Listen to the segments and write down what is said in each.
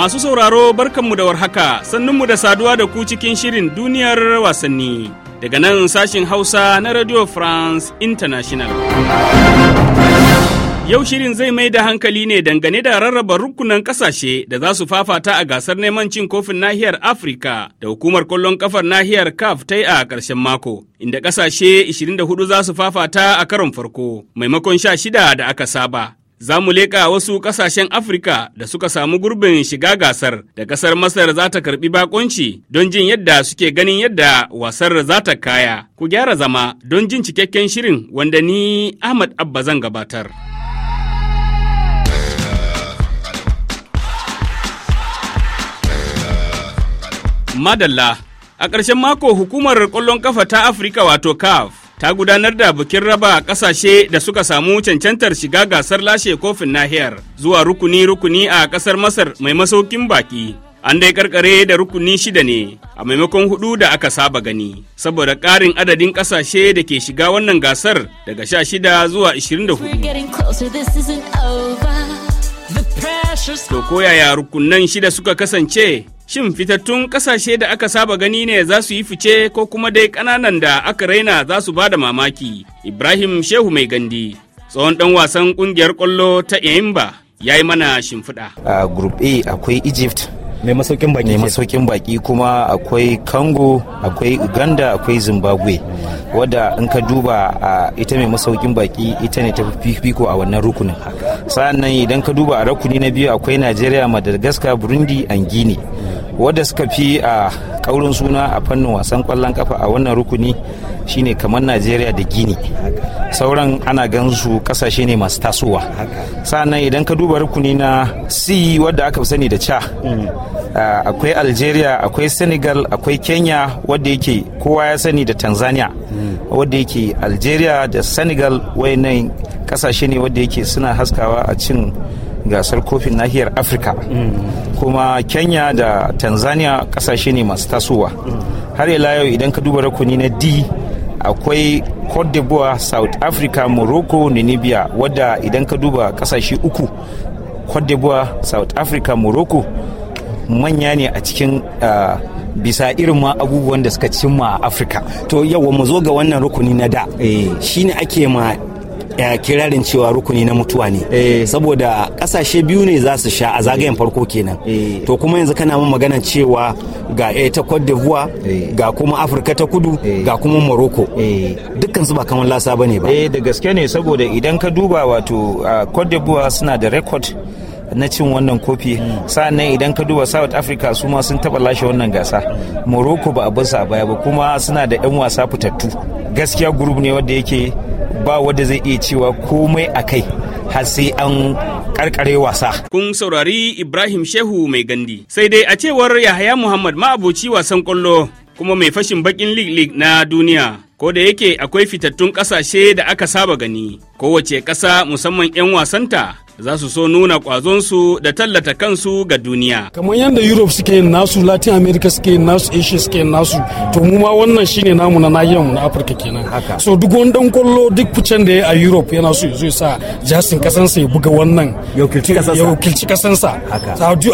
Masu sauraro barkanmu da warhaka, sannunmu da saduwa da ku cikin shirin duniyar wasanni. Daga nan sashin Hausa na Radio France International. Yau shirin zai mai da hankali ne dangane da rarraba rukunan kasashe da za su fafata a gasar neman cin kofin nahiyar Afirka da hukumar kwallon kafar nahiyar CAF ta yi a ƙarshen mako, inda kasashe 24 za su fafata a karon farko, maimakon sha shida da aka saba. za mu leƙa wasu ƙasashen Afirka da suka samu gurbin shiga gasar da ƙasar Masar za ta karɓi bakonci don jin yadda suke ganin yadda wasar za ta kaya. Ku gyara zama don jin cikakken shirin wanda ni Ahmad Abba zan gabatar. Madalla, a ƙarshen mako hukumar ƙwallon kafa ta Afirka wato CAF ta gudanar da bikin raba kasashe da suka samu cancantar shiga gasar lashe kofin nahiyar zuwa rukuni-rukuni a kasar Masar mai masaukin baki. An dai karkare da rukuni shida ne a maimakon hudu da aka saba gani, saboda karin adadin kasashe da ke shiga wannan gasar daga sha shida zuwa ishirin da hudu. To koyaya rukunan shida suka kasance Shin fitattun kasashe da aka saba gani ne za su yi fice ko kuma dai ƙananan da aka raina za su ba da mamaki? Ibrahim Shehu Mai Gandi, tsohon ɗan wasan ƙungiyar kwallo ta Yayimba, ya yi mana shimfiɗa. A Group A akwai Egypt, mai masaukin baki mai baki kuma akwai congo akwai uganda akwai zimbabwe wadda in ka duba a ita mai masaukin baki ita ne ta fifiko a wannan rukunin sa'annan idan ka duba a rukuni na biyu akwai najeriya madagascar burundi and guinea wadda suka fi a kaurin suna a fannin wasan kwallon kafa a wannan rukuni shine kamar najeriya da gini sauran ana gansu kasashe ne masu tasowa sa'annan idan ka duba rukuni na c wadda aka fi sani da ca akwai algeria akwai senegal akwai kenya wadda yake kowa ya sani da tanzania wadda yake algeria da senegal wayannan kasashe ne wadda yake suna haskawa a cin gasar kofin nahiyar afirka kuma kenya da tanzania kasashe ne masu tasowa har ila yau idan ka duba rakuni na d akwai cote d'ivoire south africa morocco namibia wadda idan ka duba kasashe uku cote d'ivoire south africa morocco manya ne a cikin bisa irin ma abubuwan da suka cimma a afirka to yawa mu zo ga wannan rukuni na da eh. shine ake ma Eh, kirarin cewa rukuni na mutuwa ne eh. saboda kasashe biyu ne za su sha a zagayen farko kenan eh. to kuma yanzu kana mun magana cewa ga ta Cote d'Ivoire ga kuma Afirka ta Kudu ga kuma Morocco dukkan su ba kamar lasa bane ba eh da gaske ne saboda idan ka duba wato Cote d'Ivoire suna da record na cin wannan kofi hmm. nan idan ka duba south africa su ma sun taba lashe wannan gasa morocco ba a bar su a baya ba kuma suna da 'yan wasa fitattu gaskiya group ne wanda yake ba wanda zai iya cewa komai a kai har sai an karkare wasa. Kun saurari Ibrahim Shehu mai gandi. Sai dai a cewar Yahaya Muhammad ma'aboci wasan kwallo kuma mai fashin bakin league lig na duniya. Ko da yake akwai fitattun ƙasashe da aka saba gani, kowace ƙasa musamman 'yan wasanta za su so nuna kwazonsu da tallata kansu ga duniya. Kamar yadda Europe suke yin nasu, Latin America suke yin nasu, Asia suke yin nasu, to mu ma wannan shine namu na nahiyar mu na Afirka kenan. So duk wani dan kwallo duk ficen da ya a Europe yana so ya sa jasin kasansa ya buga wannan. Ya wakilci kasansa.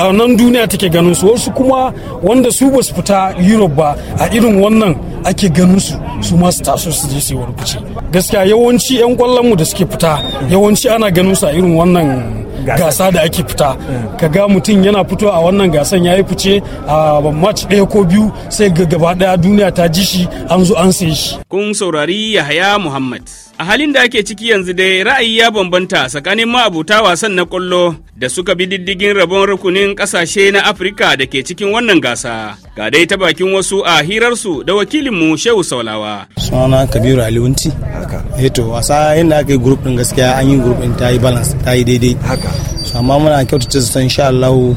A nan duniya take ganin su wasu kuma wanda su basu fita Europe ba a irin wannan ake ganin su su ma su taso su je su yi wani fice. Gaskiya yawanci 'yan kwallon mu da suke fita yawanci ana ganin su a irin wannan and gasa da ake fita ka ga mutum yana fito a wannan gasan ya yi fice a match ɗaya ko biyu sai ga gaba ɗaya duniya ta ji shi an zo an sai shi kun saurari yahaya muhammad a halin da ake ciki yanzu dai ra'ayi ya bambanta tsakanin ma'abuta wasan na kwallo da suka bi diddigin rabon rukunin kasashe na afirka da ke cikin wannan gasa ga dai ta bakin wasu a hirarsu da wakilinmu shehu saulawa sunana kabiru aliwunti haka eto eh wasa yadda aka yi group din gaskiya an yi group din ta yi balance ta yi daidai haka afirka amma muna kyautata su san sha'allahu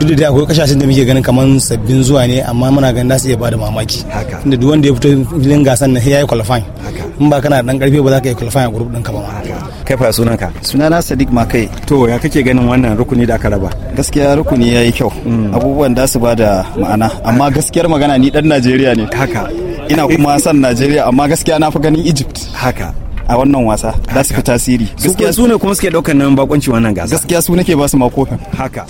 duk da akwai kasashen da muke ganin kamar sabbin zuwa ne amma muna ganin da su iya bada mamaki inda duk wanda ya fito filin gasan na ya yi qualifying in ba kana dan karfe ba za ka yi qualifying a group din ka ba kai fa sunan ka sunana Sadiq Makai to ya kake ganin wannan rukuni da aka raba gaskiya rukuni ya yi kyau mm. abubuwan da su bada ma'ana amma gaskiyar magana ni dan Najeriya ne haka ina kuma san Najeriya amma gaskiya na fi ganin Egypt haka a wannan wasa za su fi tasiri gaskiya su ne kuma suke ɗaukar nan bakunci wannan gasa gaskiya su nake ba su makofin haka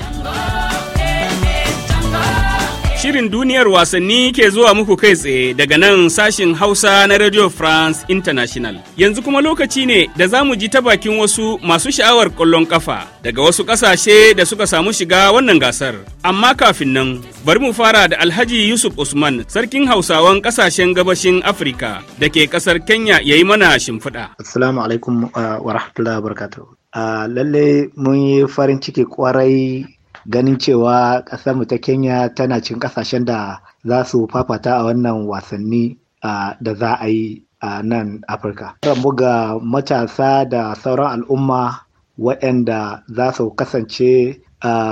Shirin duniyar wasanni ke zuwa muku kai tsaye daga nan sashin Hausa na Radio France International. Yanzu kuma lokaci ne da za mu ji ta bakin wasu masu sha'awar ƙwallon ƙafa daga wasu ƙasashe da suka samu shiga wannan gasar. Amma kafin nan, bari mu fara da Alhaji Yusuf Usman, sarkin Hausawan ƙasashen gabashin Afirka da ke ƙasar Kenya ya yi mana shimfiɗa. Assalamu alaikum uh, wa rahmatullahi wa uh, Lallai mun yi farin ciki kwarai ganin cewa ƙasar mu ta Kenya tana cikin ƙasashen da za su fafata a wannan wasanni da za a yi a nan Afirka. Rambu ga matasa da sauran al'umma waɗanda za su kasance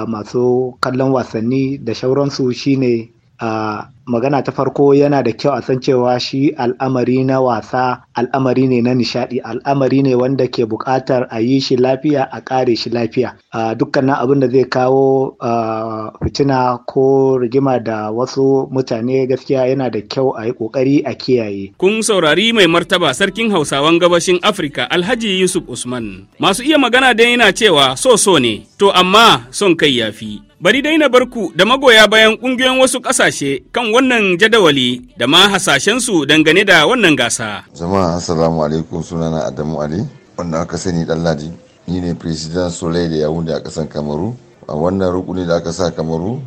masu kallon wasanni da shauransu shine a magana ta farko yana da kyau a san cewa shi al'amari na wasa al'amari ne na nishadi al'amari ne wanda ke buƙatar a yi shi lafiya a ƙare shi lafiya a dukkanin abin da zai kawo fitina ko rigima da wasu mutane gaskiya yana da kyau a yi ƙoƙari a kiyaye kun saurari mai martaba sarkin hausawan gabashin afirka alhaji yusuf usman masu iya magana dai yana cewa so so ne to amma son kai yafi Bari dai na barku da magoya bayan ƙungiyoyin wasu kasashe kan wannan jadawali da ma hasashensu dangane da wannan gasa. Jama'a assalamu alaikum sunana Adamu Ali wanda aka sani danladi ni ne President Soleil da yahudi a kasan Kamaru. A wannan rukuni da aka sa Kamaru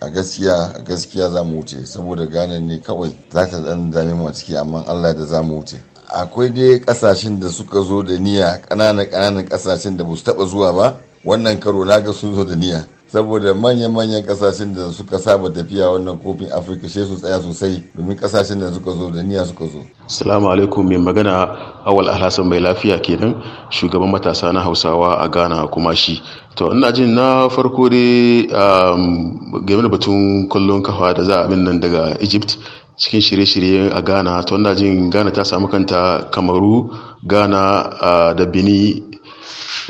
a gaskiya a gaskiya za mu wuce saboda gane ne kawai za ta dan dame mu a ciki amma Allah da za mu wuce. Akwai dai kasashen da suka zo da niyya ƙananan kananan kasashen da ba su taɓa zuwa ba wannan karo na ga sun zo da niyya saboda manya-manyan kasashen da suka saba tafiya wannan kofin afirka sai su tsaya sosai domin kasashen da suka zo da niyya suka zo salamu alaikum mai magana awal alhassan mai lafiya kenan shugaban matasa na hausawa a ghana kuma shi to ina jin na farko dai um, game da batun kwallon kafa da za a bin nan daga egypt cikin shirye-shirye a ghana to ina jin ghana ta samu kanta kamaru ghana uh, da bini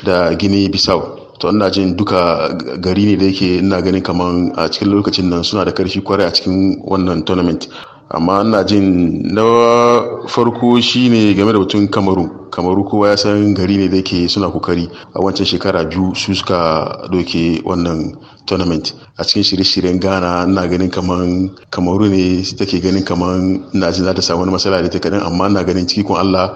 da gini bisau to ina jin duka gari ne da yake ina ganin kaman a cikin lokacin nan suna da karfi kwarai a cikin wannan tournament amma ina jin na farko shine game da mutum kamaru kamaru kowa ya san gari ne da yake suna kokari a wancan shekara biyu su suka doke wannan tournament a cikin shirye-shiryen ghana na ganin kaman kamaru ne take ganin kaman na jin za ta samu wani matsala da ta kadan amma na ganin kun allah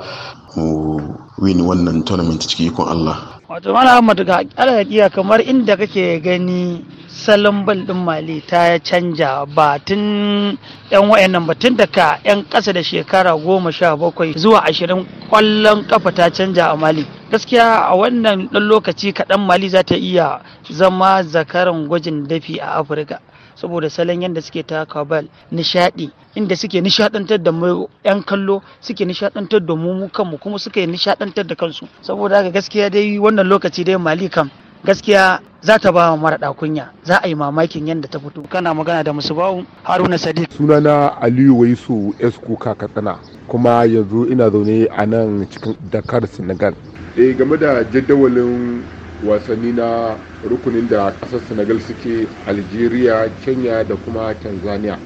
mu win wannan tournament ciki kun allah wato mana ga alhaƙiya kamar inda kake gani salon bal din mali ta canja ba tun yan wayannan ba tun daga yan ƙasa da shekara goma sha bakwai zuwa ashirin kwallon kafa ta canja a mali gaskiya a wannan ɗan lokaci kaɗan mali za ta iya zama zakaran gwajin dafi a afirka saboda salon yadda suke taka bal nishadi inda suke nishadantar da mu yan kallo suke nishadantar da mu mu kanmu kuma suke nishadantar da kansu saboda haka gaskiya dai wannan lokaci dai mali kam gaskiya za ta ba mara kunya za a yi mamakin yadda ta fito kana magana da musubawu haruna sadiq sunana aliyu waisu esku katsina kuma yanzu ina zaune a nan cikin dakar senegal eh game da jadawalin wasanni na rukunin da ƙasar senegal suke algeria kenya da kuma tanzania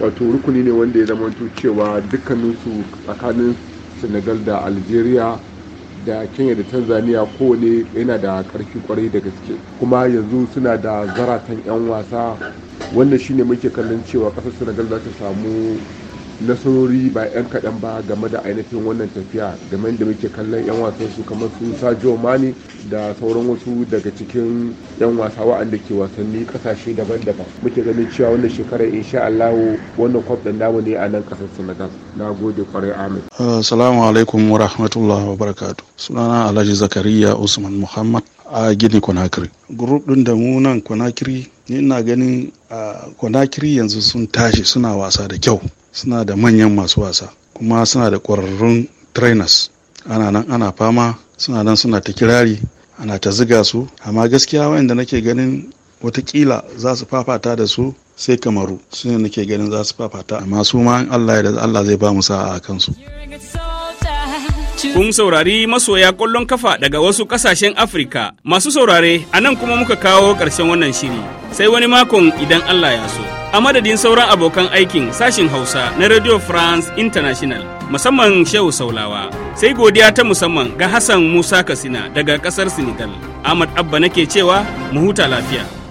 wato rukuni ne wanda ya zama cewa dukkaninsu tsakanin senegal da algeria da kenya da tanzania kowane yana da karfi kwarai da gaske kuma yanzu suna da zaratan 'yan wasa wanda shine muke kallon cewa ƙasar senegal za ta samu nasarori ba 'yan kaɗan ba game da ainihin wannan tafiya game da muke kallon 'yan wasan su kamar su sajo mani da sauran wasu daga cikin 'yan wasa wa'anda ke wasanni kasashe daban-daban muke ganin cewa wannan shekarar insha Allah wannan kwaf ɗin namu ne a nan ƙasar Senegal na gode kwarai amin uh, Salamu alaikum wa rahmatulah wa barakatu sunana Alhaji Zakariya Usman Muhammad a gini konakiri Gurub ɗin da mu nan konakiri ni ina ganin konakiri uh, yanzu sun tashi suna wasa da kyau suna da manyan masu wasa kuma suna da ƙwararrun trainers ana nan ana fama suna nan suna ta kirari ana ta ziga su amma gaskiya wayanda nake ganin watakila za su fafata da su sai kamaru su ne nake ganin za su fafata amma su ma allah da allah zai ba mu sa'a a kansu Kun saurari masoya ƙwallon kafa daga wasu kasashen Afirka masu saurare a nan kuma muka kawo ƙarshen wannan shiri sai wani makon idan Allah ya so. A madadin sauran abokan aikin sashin Hausa na Radio France International musamman Shehu Saulawa sai godiya ta musamman ga Hassan Musa kasina daga kasar Senegal. Ahmad Abba nake cewa mu huta lafiya.